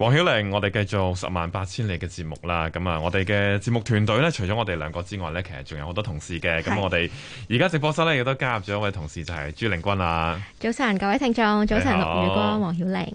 黃曉玲，我哋繼續十萬八千里嘅節目啦。咁啊，我哋嘅節目團隊咧，除咗我哋兩個之外咧，其實仲有好多同事嘅。咁是我哋而家直播室咧亦都加入咗一位同事，就係、是、朱令筠啦。早晨，各位聽眾，早晨，綠雨好哥，黃曉玲。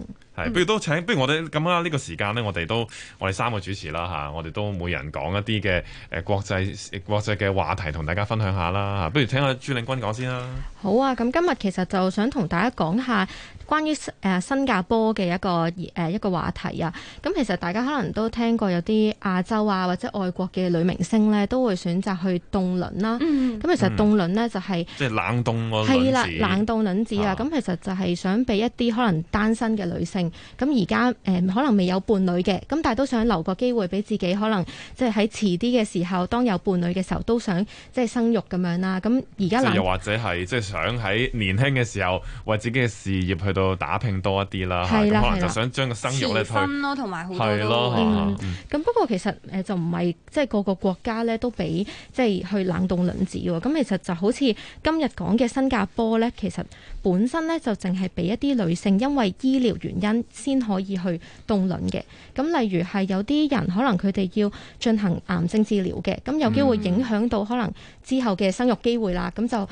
不如都請，不如我哋咁啊！呢個時間咧，我哋都我哋三個主持啦嚇、啊，我哋都每人講一啲嘅誒國際國際嘅話題，同大家分享下啦嚇、啊。不如聽下朱令筠講先啦、啊。好啊！咁今日其實就想同大家講下關於誒、呃、新加坡嘅一個誒、呃、一個話題啊。咁其實大家可能都聽過有啲亞洲啊或者外國嘅女明星咧，都會選擇去凍卵啦。嗯咁其實凍卵咧就係即係冷凍卵子。係啦，冷凍卵子啊！咁、啊、其實就係想俾一啲可能單身嘅女性。咁而家誒可能未有伴侶嘅，咁但係都想留個機會俾自己，可能即係喺遲啲嘅時候，當有伴侶嘅時候都想即係生育咁樣啦。咁而家又或者係即係想喺年輕嘅時候為自己嘅事業去到打拼多一啲啦，的啊、可能就想將個生育咧分遲咯，同埋好多都咁。嗯的嗯、不過其實誒就唔係即係個個國家咧都俾即係去冷凍卵子喎。咁其實就好似今日講嘅新加坡咧，其實。本身咧就淨係俾一啲女性因為醫療原因先可以去凍卵嘅。咁例如係有啲人可能佢哋要進行癌症治療嘅，咁有機會影響到可能之後嘅生育機會啦。咁就咁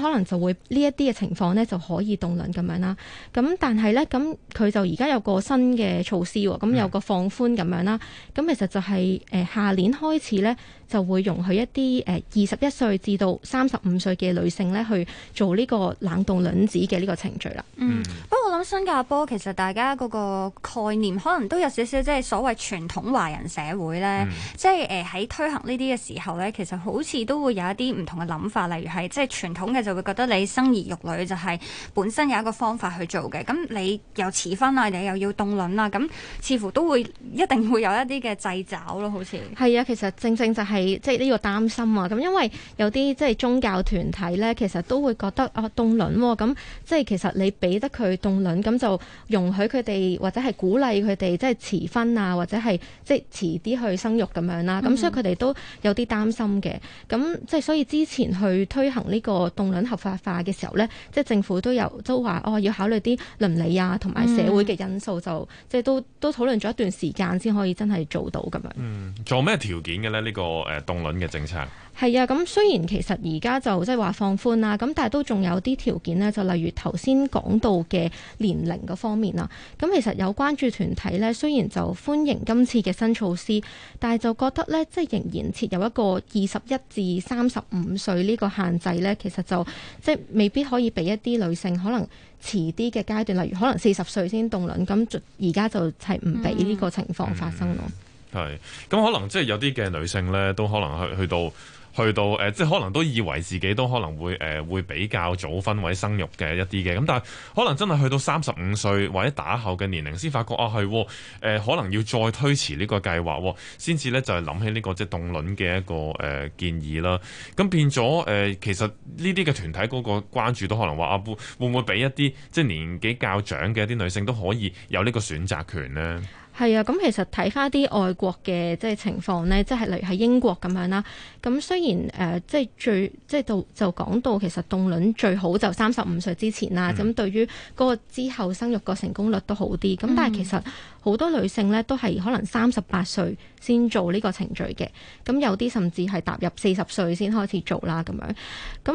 可能就會呢一啲嘅情況咧就可以凍卵咁樣啦。咁但係咧咁佢就而家有個新嘅措施，咁有個放寬咁樣啦。咁其實就係誒下年開始咧。就會容許一啲誒二十一歲至到三十五歲嘅女性咧去做呢個冷凍卵子嘅呢個程序啦。嗯。嗯不過我諗新加坡其實大家嗰個概念可能都有少少即係所謂傳統華人社會咧，嗯、即係誒喺推行呢啲嘅時候咧，其實好似都會有一啲唔同嘅諗法，例如係即係傳統嘅就會覺得你生兒育女就係本身有一個方法去做嘅，咁你又遲婚啊，你又要凍卵啊，咁似乎都會一定會有一啲嘅掣肘咯，好似。係啊，其實正正，正就係、是。係即係呢個擔心啊，咁因為有啲即係宗教團體呢，其實都會覺得啊凍卵咁，哦哦、即係其實你俾得佢凍卵，咁就容許佢哋或者係鼓勵佢哋即係遲婚啊，或者係即係遲啲去生育咁樣啦。咁、嗯、所以佢哋都有啲擔心嘅。咁即係所以之前去推行呢個凍卵合法化嘅時候呢，即係政府都有都話哦要考慮啲倫理啊同埋社會嘅因素，就即係都都討論咗一段時間先可以真係做到咁樣。嗯，做咩條件嘅呢？呢、呢個？誒、呃、凍卵嘅政策係啊，咁雖然其實而家就即係話放寬啦，咁但係都仲有啲條件呢，就例如頭先講到嘅年齡嗰方面啦。咁其實有關注團體呢，雖然就歡迎今次嘅新措施，但係就覺得呢，即係仍然設有一個二十一至三十五歲呢個限制呢，其實就即係未必可以俾一啲女性可能遲啲嘅階段，例如可能四十歲先凍卵，咁而家就係唔俾呢個情況發生咯。嗯嗯係，咁可能即係有啲嘅女性咧，都可能去去到去到，誒、呃，即係可能都以為自己都可能會，誒、呃，會比較早婚或者生育嘅一啲嘅，咁但係可能真係去到三十五歲或者打後嘅年齡先發覺啊，係，誒、呃，可能要再推遲呢個計劃，先至咧就係、是、諗起呢、這個即係凍卵嘅一個，誒、呃，建議啦。咁變咗，誒，其實呢啲嘅團體嗰個關注都可能話，阿、啊、布會唔會俾一啲即係年紀較長嘅一啲女性都可以有呢個選擇權咧？係啊，咁其實睇翻啲外國嘅即係情況咧、呃，即係例如喺英國咁樣啦。咁雖然誒，即係最即係到就講到其實凍卵最好就三十五歲之前啦。咁、嗯、對於嗰個之後生育個成功率都好啲。咁、嗯、但係其實好多女性咧都係可能三十八歲先做呢個程序嘅。咁有啲甚至係踏入四十歲先開始做啦咁樣。咁、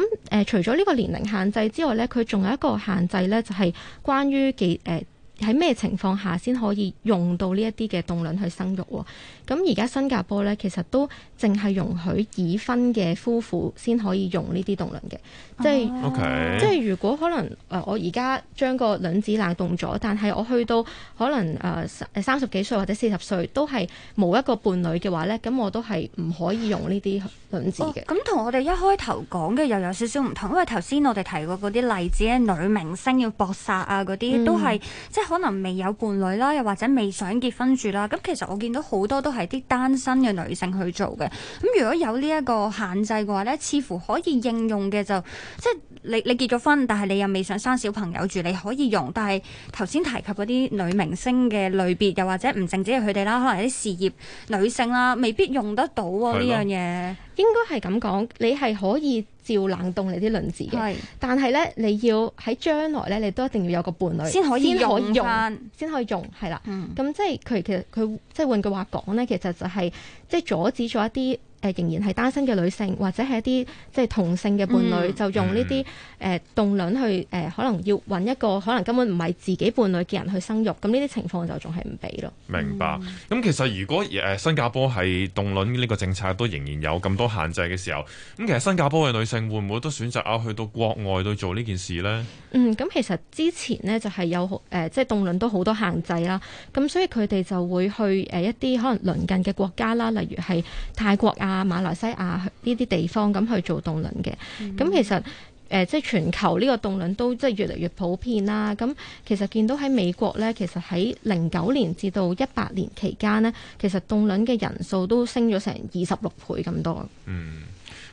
嗯、誒、呃，除咗呢個年齡限制之外咧，佢仲有一個限制咧，就係關於幾誒，呃喺咩情況下先可以用到呢一啲嘅凍卵去生育喎？咁而家新加坡咧，其實都淨係容許已婚嘅夫婦先可以用呢啲凍卵嘅，即係即係如果可能誒、呃、我而家將個卵子冷凍咗，但係我去到可能誒三十幾歲或者四十歲都係冇一個伴侶嘅話咧，咁我都係唔可以用呢啲卵子嘅。咁同、oh, 我哋一開頭講嘅又有少少唔同，因為頭先我哋提過嗰啲例子咧，女明星要搏殺啊嗰啲、嗯、都係即係可能未有伴侶啦，又或者未想結婚住啦。咁其實我見到好多都。都係啲單身嘅女性去做嘅，咁如果有呢一個限制嘅話呢，似乎可以應用嘅就即係你你結咗婚，但係你又未想生小朋友住，你可以用。但係頭先提及嗰啲女明星嘅類別，又或者唔淨止係佢哋啦，可能啲事業女性啦，未必用得到呢是的 樣嘢。應該係咁講，你係可以。照冷凍你啲卵子嘅，是但係咧你要喺將來咧，你都一定要有個伴侶先可以用，先可以用係啦。咁即係佢其實佢即係換句話講咧，其實就係即係阻止咗一啲。仍然係單身嘅女性，或者係一啲即係同性嘅伴侶，嗯、就用呢啲誒凍卵去誒、呃，可能要揾一個可能根本唔係自己伴侶嘅人去生育，咁呢啲情況就仲係唔俾咯。明白。咁其實如果誒、呃、新加坡係凍卵呢個政策都仍然有咁多限制嘅時候，咁其實新加坡嘅女性會唔會都選擇啊去到國外度做呢件事呢？嗯，咁其實之前呢，就係、是、有誒，即、呃、係、就是、凍卵都好多限制啦。咁所以佢哋就會去誒一啲可能鄰近嘅國家啦，例如係泰國啊。啊，馬來西亞呢啲地方咁去做凍卵嘅，咁、mm hmm. 其實誒，即係全球呢個凍卵都即係越嚟越普遍啦。咁其實見到喺美國呢，其實喺零九年至到一八年期間呢，其實凍卵嘅人數都升咗成二十六倍咁多。嗯，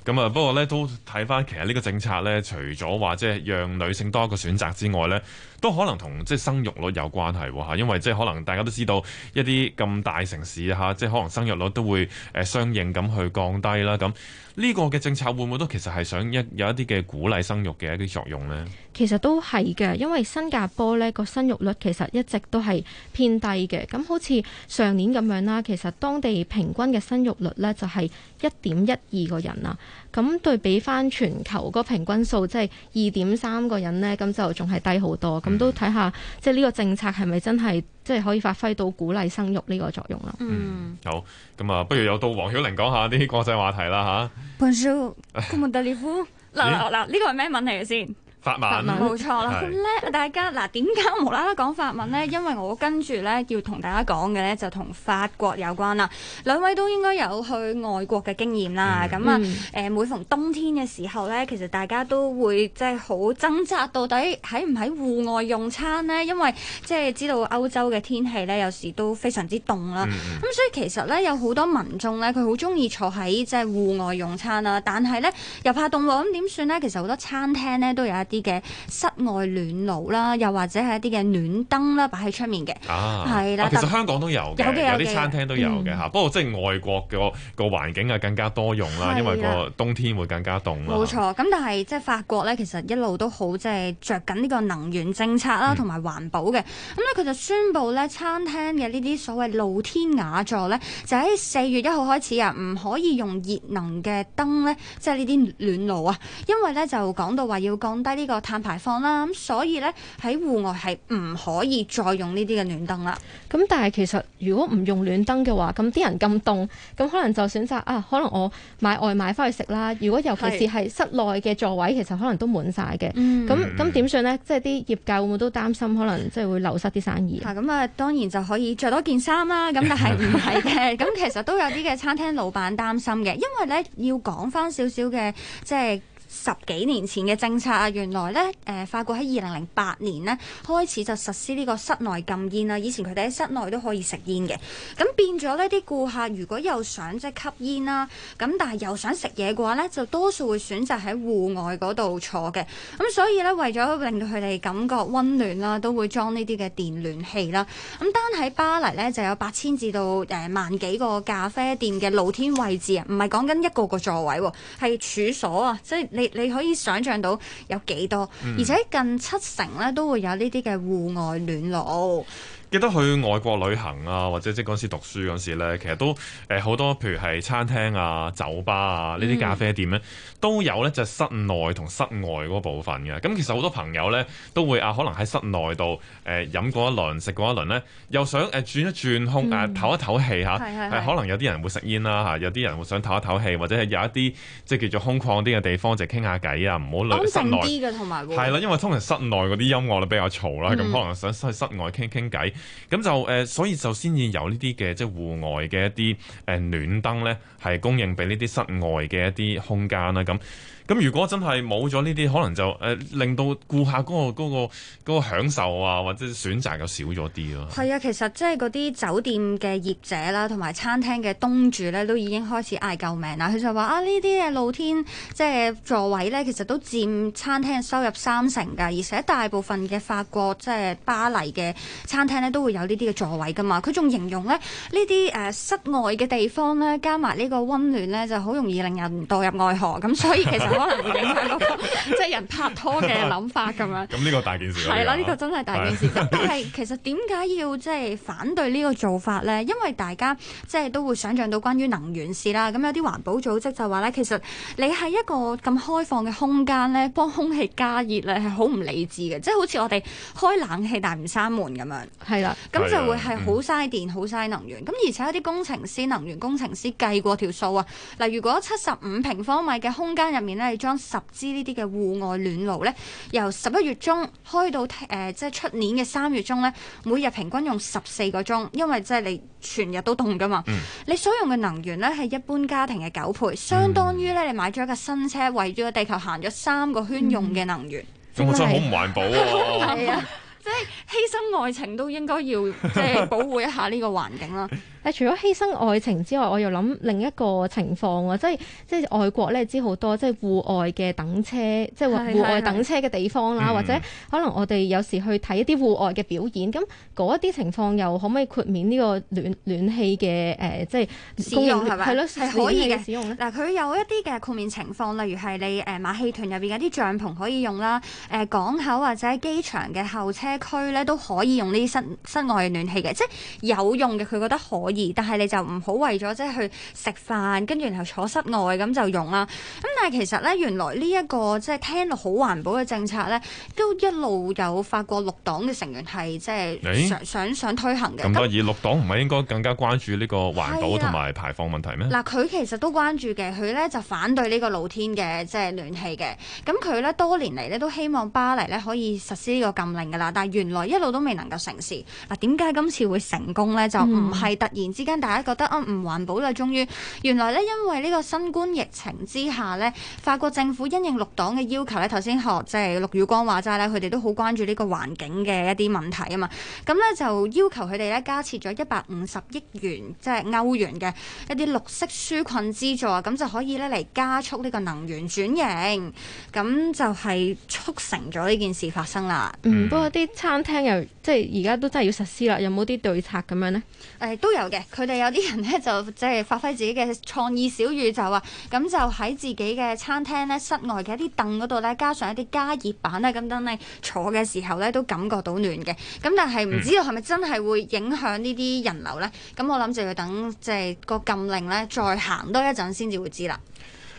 咁啊，不過呢，都睇返，其實呢個政策呢，除咗話即係讓女性多一個選擇之外呢，都可能同即係生育率有關係喎吓，因為即係可能大家都知道一啲咁大城市吓，即係可能生育率都會誒相應咁去降低啦。咁呢個嘅政策會唔會都其實係想一有一啲嘅鼓勵生育嘅一啲作用咧？其實都係嘅，因為新加坡咧個生育率其實一直都係偏低嘅。咁好似上年咁樣啦，其實當地平均嘅生育率咧就係一點一二個人啦。咁對比翻全球個平均數即係二點三個人咧，咁就仲係低好多。咁都睇下，即係呢個政策係咪真係即係可以發揮到鼓勵生育呢個作用啦？嗯，好，咁啊，不如又到黃曉玲講下啲國際話題啦吓，Bonjour，Comment allez-vous？嗱嗱呢個係咩問題先？法文冇文錯啦，咁咧是大家嗱點解無啦啦講法文呢？ 因為我跟住咧要同大家講嘅咧就同法國有關啦。兩位都應該有去外國嘅經驗啦，咁、嗯、啊誒、嗯、每逢冬天嘅時候咧，其實大家都會即係好掙扎到底喺唔喺戶外用餐呢？因為即係知道歐洲嘅天氣咧有時都非常之凍啦。咁、嗯嗯、所以其實咧有好多民眾咧佢好中意坐喺即係戶外用餐啦，但係咧又怕凍喎，咁點算呢？其實好多餐廳咧都有一啲嘅室外暖爐啦，又或者係一啲嘅暖燈啦，擺喺出面嘅，係啦的、啊。其實香港都有，嘅的，有啲餐廳都有嘅的嚇。不過即係外國個個環境啊，更加多用啦，的因為個冬天會更加凍啦。冇錯，咁但係即係法國咧，其實一路都好即係着緊呢個能源政策啦，同埋、嗯、環保嘅。咁咧佢就宣布咧，餐廳嘅呢啲所謂露天雅座咧，就喺四月一號開始啊，唔可以用熱能嘅燈咧，即係呢啲暖爐啊，因為咧就講到話要降低。呢個碳排放啦，咁所以呢，喺戶外係唔可以再用呢啲嘅暖燈啦。咁但係其實如果唔用暖燈嘅話，咁啲人咁凍，咁可能就選擇啊，可能我買外賣返去食啦。如果尤其是係室內嘅座位，是其實可能都滿晒嘅。咁咁點算呢？即係啲業界會唔會都擔心，可能即係會流失啲生意？咁、嗯嗯嗯嗯、啊，當然就可以着多件衫啦。咁但係唔係嘅，咁 其實都有啲嘅餐廳老闆擔心嘅，因為呢要講返少少嘅即係。十幾年前嘅政策啊，原來咧誒、呃，法國喺二零零八年呢開始就實施呢個室內禁煙啦。以前佢哋喺室內都可以食煙嘅，咁變咗呢啲顧客如果又想即係吸煙啦，咁但係又想食嘢嘅話呢，就多數會選擇喺戶外嗰度坐嘅。咁所以呢，為咗令到佢哋感覺溫暖啦，都會裝呢啲嘅電暖器啦。咁單喺巴黎呢，就有八千至到誒、呃、萬幾個咖啡店嘅露天位置啊，唔係講緊一個個座位喎，係處所啊，即係你你可以想象到有幾多，嗯、而且近七成咧都會有呢啲嘅戶外暖爐。記得去外國旅行啊，或者即係嗰陣時讀書嗰陣時咧，其實都誒好、呃、多，譬如係餐廳啊、酒吧啊呢啲咖啡店咧，嗯、都有咧，就係、室內同室外嗰部分嘅。咁其實好多朋友咧都會啊，可能喺室內度誒、呃、飲過一輪、食過一輪咧，又想誒、呃、轉一轉空誒唞一唞氣嚇。係可能有啲人會食煙啦、啊、嚇，有啲人會想唞一唞氣，或者係有一啲即係叫做空曠啲嘅地方，就傾下偈啊，唔好耐。安靜啲嘅同埋。係啦，因為通常室內嗰啲音樂咧比較嘈啦，咁、嗯嗯、可能想去室外傾傾偈。咁就誒、呃，所以就先要有呢啲嘅即係戶外嘅一啲誒暖燈咧，係供應俾呢啲室外嘅一啲空間啦。咁咁如果真係冇咗呢啲，可能就誒、呃、令到顧客嗰個嗰個嗰個享受啊，或者選擇就少咗啲咯。係啊，其實即係嗰啲酒店嘅業者啦，同埋餐廳嘅東主咧，都已經開始嗌救命啦。佢就話啊，呢啲嘅露天即係座位咧，其實都占餐廳收入三成㗎，而且大部分嘅法國即係巴黎嘅餐廳咧都會有呢啲嘅座位㗎嘛，佢仲形容咧呢啲誒室外嘅地方咧，加埋呢個溫暖咧，就好容易令人墮入愛河咁，所以其實可能影響、到即係、就是、人拍拖嘅諗法咁樣。咁呢個大件事係啦，呢、呢個真係大件事。啊、但係其實點解要即係、就是、反對呢個做法咧？因為大家即係、就是、都會想象到關於能源事啦。咁有啲環保組織就話咧，其實你喺一個咁開放嘅空間咧，幫空氣加熱咧係好唔理智嘅，即係對 好似我哋開冷氣但係唔閂門咁樣。係。咁就會係好嘥電、好嘥、嗯、能源。咁而且有啲工程師、能源工程師計過條數啊。嗱，如果七十五平方米嘅空間入面咧，你裝十支呢啲嘅戶外暖爐咧，由十一月中開到誒、呃，即係出年嘅三月中咧，每日平均用十四個鐘，因為即係你全日都凍噶嘛。嗯、你所用嘅能源咧，係一般家庭嘅九倍，相當於咧你買咗一個新車，圍住個地球行咗三個圈用嘅能源。咁、嗯、是我真係好唔環保啊！ 即係犧牲愛情都應該要即係保護一下呢個環境啦。 除咗犧牲愛情之外，我又諗另一個情況喎、啊，即係即係外國咧知好多，即係戶外嘅等車，即係戶外等車嘅地方啦、啊，是是是或者可能我哋有時去睇一啲戶外嘅表演，咁嗰一啲情況又可唔可以豁免呢個暖暖氣嘅誒、呃，即係使用係咪？係咯，係可以嘅。使用咧，嗱，佢有一啲嘅豁免情況，例如係你誒馬戲團入邊嗰啲帳篷可以用啦，誒、呃、港口或者機場嘅候車區咧都可以用呢啲室室外嘅暖氣嘅，即係有用嘅，佢覺得可。但係你就唔好為咗即係去食飯，跟住然後坐室外咁就用啦。咁但係其實咧，原來呢、這、一個即係、就是、聽落好環保嘅政策咧，都一路有法國綠黨嘅成員係即係想想，想推行嘅。咁得意，那綠黨唔係應該更加關注呢個環保同埋排放問題咩？嗱、啊，佢其實都關注嘅，佢咧就反對呢個露天嘅即係暖氣嘅。咁佢咧多年嚟咧都希望巴黎咧可以實施呢個禁令噶啦。但係原來一路都未能夠成事。嗱、啊，點解今次會成功咧？就唔係突然。突然之間，大家覺得啊唔環保啦，終於原來呢，因為呢個新冠疫情之下呢，法國政府因應綠黨嘅要求呢，頭先學即係陸宇光話齋呢，佢哋都好關注呢個環境嘅一啲問題啊嘛，咁呢，就要求佢哋呢加設咗一百五十億元即係、就是、歐元嘅一啲綠色紓困資助，咁就可以呢嚟加速呢個能源轉型，咁就係促成咗呢件事發生啦。嗯，嗯，不過啲餐廳又即係而家都真係要實施啦，有冇啲對策咁樣呢？誒、嗯，都有。佢哋有啲人咧就即係發揮自己嘅創意小宇宙啊。咁就喺自己嘅餐廳咧，室外嘅一啲凳嗰度咧，加上一啲加熱板咧，咁等你坐嘅時候咧，都感覺到暖嘅。咁但係唔知道係咪真係會影響呢啲人流呢？咁我諗就要等即係個禁令咧，再行多一陣先至會知啦。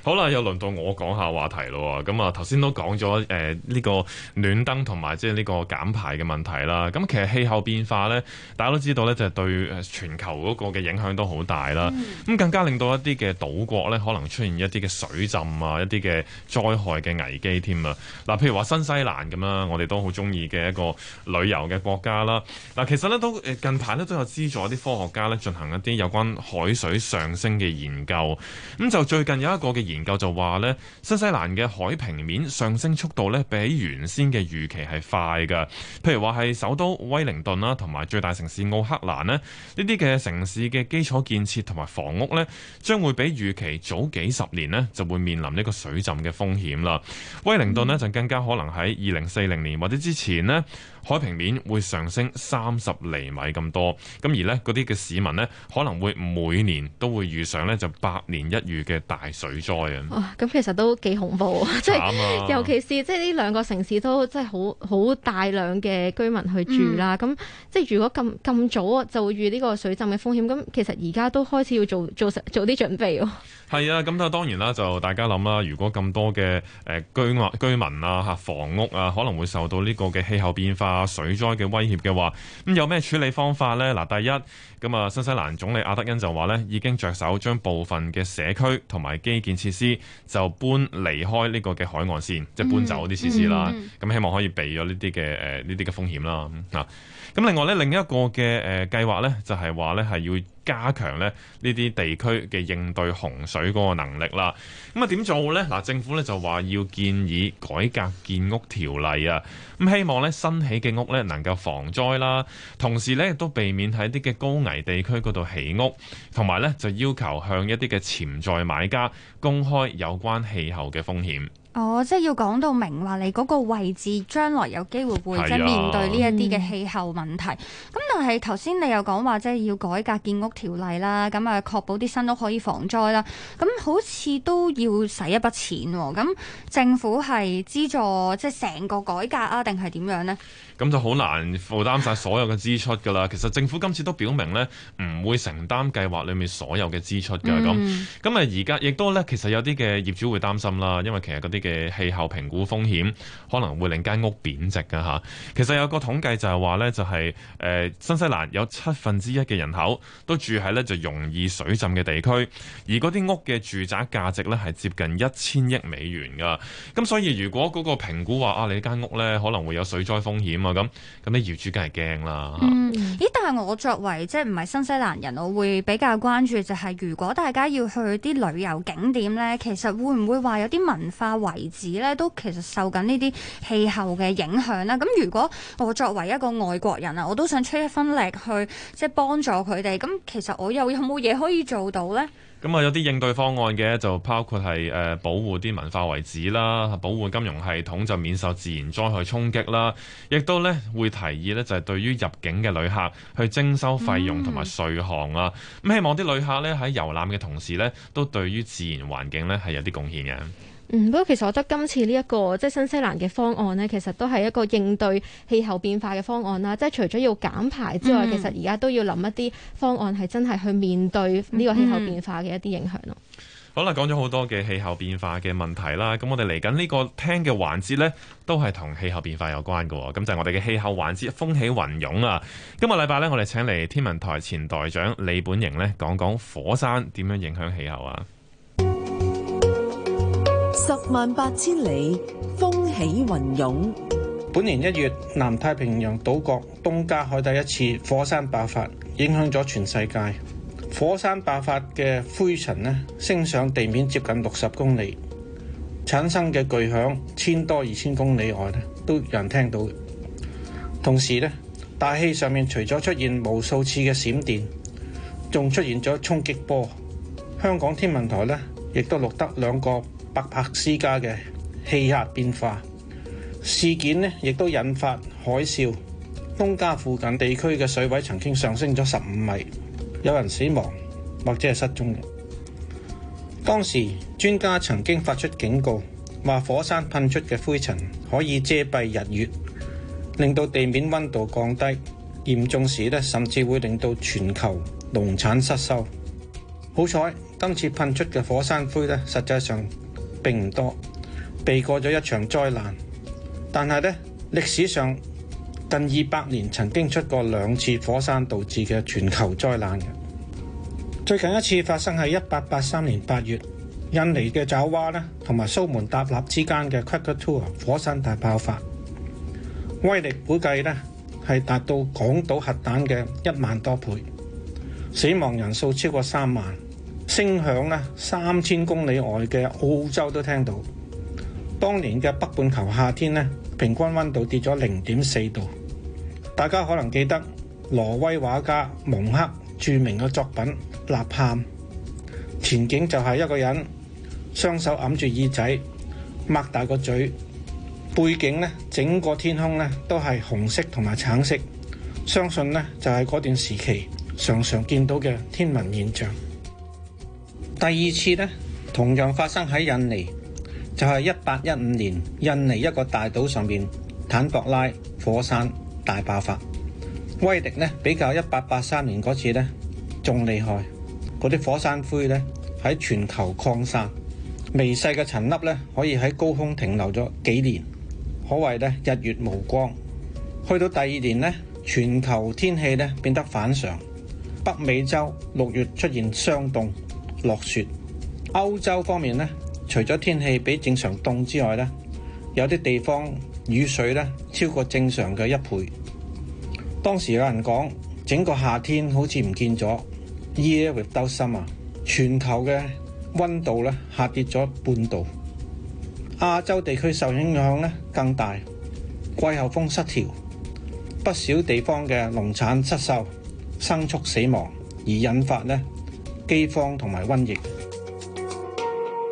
好啦，又輪到我講下話題咯。咁、嗯、啊，頭先都講咗誒，呢、呃這個暖燈同埋即係呢個減排嘅問題啦。咁、嗯、其實氣候變化咧，大家都知道咧，就係、是、對全球嗰個嘅影響都好大啦。咁、嗯、更加令到一啲嘅島國咧，可能出現一啲嘅水浸啊，一啲嘅災害嘅危機添啊。嗱、嗯，譬如話新西蘭咁啦，我哋都好中意嘅一個旅遊嘅國家啦。嗱、嗯，其實咧都誒，近排咧都有資助一啲科學家咧進行一啲有關海水上升嘅研究。咁、嗯、就最近有一個嘅研究就話咧，新西蘭嘅海平面上升速度咧，比起原先嘅預期係快㗎。譬如話係首都威靈頓啦，同埋最大城市奧克蘭呢，呢啲嘅城市嘅基礎建設同埋房屋咧，將會比預期早幾十年呢，就會面臨呢個水浸嘅風險啦。威靈頓呢，就更加可能喺二零四零年或者之前呢。海平面會上升三十厘米咁多，咁而呢嗰啲嘅市民呢，可能會每年都會遇上呢就百年一遇嘅大水災啊！哇、哦，咁其實都幾恐怖，即係、啊、尤其是即係呢兩個城市都即係好好大量嘅居民去住啦。咁即係如果咁咁早就會遇呢個水浸嘅風險，咁其實而家都開始要做做做啲準備喎。係啊，咁啊當然啦，就大家諗啦，如果咁多嘅誒居居民啊、嚇房屋啊，可能會受到呢個嘅氣候變化。啊！水災嘅威脅嘅話，咁有咩處理方法咧？嗱，第一。咁啊，新西蘭總理阿德恩就話咧，已經着手將部分嘅社區同埋基建設施就搬離開呢個嘅海岸線，嗯、即係搬走啲設施啦。咁、嗯、希望可以避咗呢啲嘅誒呢啲嘅風險啦。吓、啊，咁另外咧，另一個嘅誒計劃咧，就係話咧，係要加強咧呢啲地區嘅應對洪水個能力啦。咁啊點做咧？嗱，政府咧就話要建議改革建屋條例啊，咁希望咧新起嘅屋咧能夠防災啦，同時咧亦都避免喺啲嘅高危。地區嗰度起屋，同埋咧就要求向一啲嘅潛在買家公開有關氣候嘅風險。哦，即係要講到明話，你嗰個位置將來有機會會即係面對呢一啲嘅氣候問題。就係頭先你又講話，即係要改革建屋條例啦，咁啊確保啲新屋可以防災啦。咁好似都要使一筆錢，咁政府係資助即係成個改革啊，定係點樣呢？咁就好難負擔晒所有嘅支出噶啦。 其實政府今次都表明呢，唔會承擔計劃裡面所有嘅支出噶。咁咁啊，而家亦都呢，其實有啲嘅業主會擔心啦，因為其實嗰啲嘅氣候評估風險可能會令間屋貶值噶吓。其實有個統計就係話呢，就係誒。新西蘭有七分之一嘅人口都住喺呢就容易水浸嘅地區，而嗰啲屋嘅住宅價值呢係接近一千億美元㗎，咁所以如果嗰個評估話啊，你呢間屋呢可能會有水災風險啊，咁咁啲業主梗係驚啦。咦，但係我作為即係唔係新西蘭人，我會比較關注就係如果大家要去啲旅遊景點呢，其實會唔會話有啲文化遺址呢都其實受緊呢啲氣候嘅影響咧？咁如果我作為一個外國人啊，我都想出分力去即係幫助佢哋，咁其實我又有冇嘢可以做到呢？咁啊，有啲應對方案嘅就包括係，誒保護啲文化遺址啦，保護金融系統就免受自然災害衝擊啦，亦都咧會提議咧就係對於入境嘅旅客去徵收費用同埋稅項啦，咁、嗯、希望啲旅客咧喺遊覽嘅同時咧都對於自然環境咧係有啲貢獻嘅。嗯，不過其實我覺得今次呢、這、一個即係新西蘭嘅方案呢，其實都係一個應對氣候變化嘅方案啦。即係除咗要減排之外，嗯、其實而家都要諗一啲方案係真係去面對呢個氣候變化嘅一啲影響咯。嗯嗯、好啦，講咗好多嘅氣候變化嘅問題啦，咁我哋嚟緊呢個聽嘅環節呢，都係同氣候變化有關嘅。咁就係我哋嘅氣候環節風起雲湧啊！今日禮拜呢，我哋請嚟天文台前台長李本瀅呢，講講火山點樣影響氣候啊！十萬八千里，風起雲湧。本年一月，南太平洋島國東加海底一次火山爆發，影響咗全世界。火山爆發嘅灰塵呢，升上地面接近六十公里，產生嘅巨響，千多二千公里外呢都有人聽到。同時呢大氣上面除咗出現無數次嘅閃電，仲出現咗衝擊波。香港天文台呢亦都錄得兩個。百帕斯卡嘅氣壓變化事件呢，亦都引發海嘯。東加附近地區嘅水位曾經上升咗十五米，有人死亡或者係失蹤嘅。當時專家曾經發出警告，話火山噴出嘅灰塵可以遮蔽日月，令到地面溫度降低，嚴重時呢，甚至會令到全球農產失收。好彩今次噴出嘅火山灰呢，實際上，並唔多避過咗一場災難，但係呢歷史上近二百年曾經出過兩次火山導致嘅全球災難嘅。最近一次發生喺一八八三年八月，印尼嘅爪哇呢同埋蘇門答臘之間嘅 Krakatoa 火山大爆發，威力估計呢係達到廣島核彈嘅一萬多倍，死亡人數超過三萬。聲響咧，三千公里外嘅澳洲都聽到。當年嘅北半球夏天咧，平均溫度跌咗零點四度。大家可能記得挪威畫家蒙克著名嘅作品《吶喊》，前景就係一個人雙手揞住耳仔，擘大個嘴。背景咧，整個天空咧都係紅色同埋橙色。相信咧就係嗰段時期常常見到嘅天文現象。第二次咧，同樣發生喺印尼，就係一八一五年，印尼一個大島上面坦博拉火山大爆發。威迪咧比較一八八三年嗰次呢仲厲害，嗰啲火山灰呢喺全球擴散，微細嘅塵粒呢可以喺高空停留咗幾年，可謂咧日月無光。去到第二年呢，全球天氣呢變得反常，北美洲六月出現霜凍。落雪，歐洲方面呢，除咗天氣比正常凍之外呢，有啲地方雨水呢超過正常嘅一倍。當時有人講，整個夏天好似唔見咗 Year without summer，全球嘅溫度呢下跌咗半度。亞洲地區受影響呢更大，季候風失調，不少地方嘅農產失收、生畜死亡而引發呢，饑荒同埋瘟疫。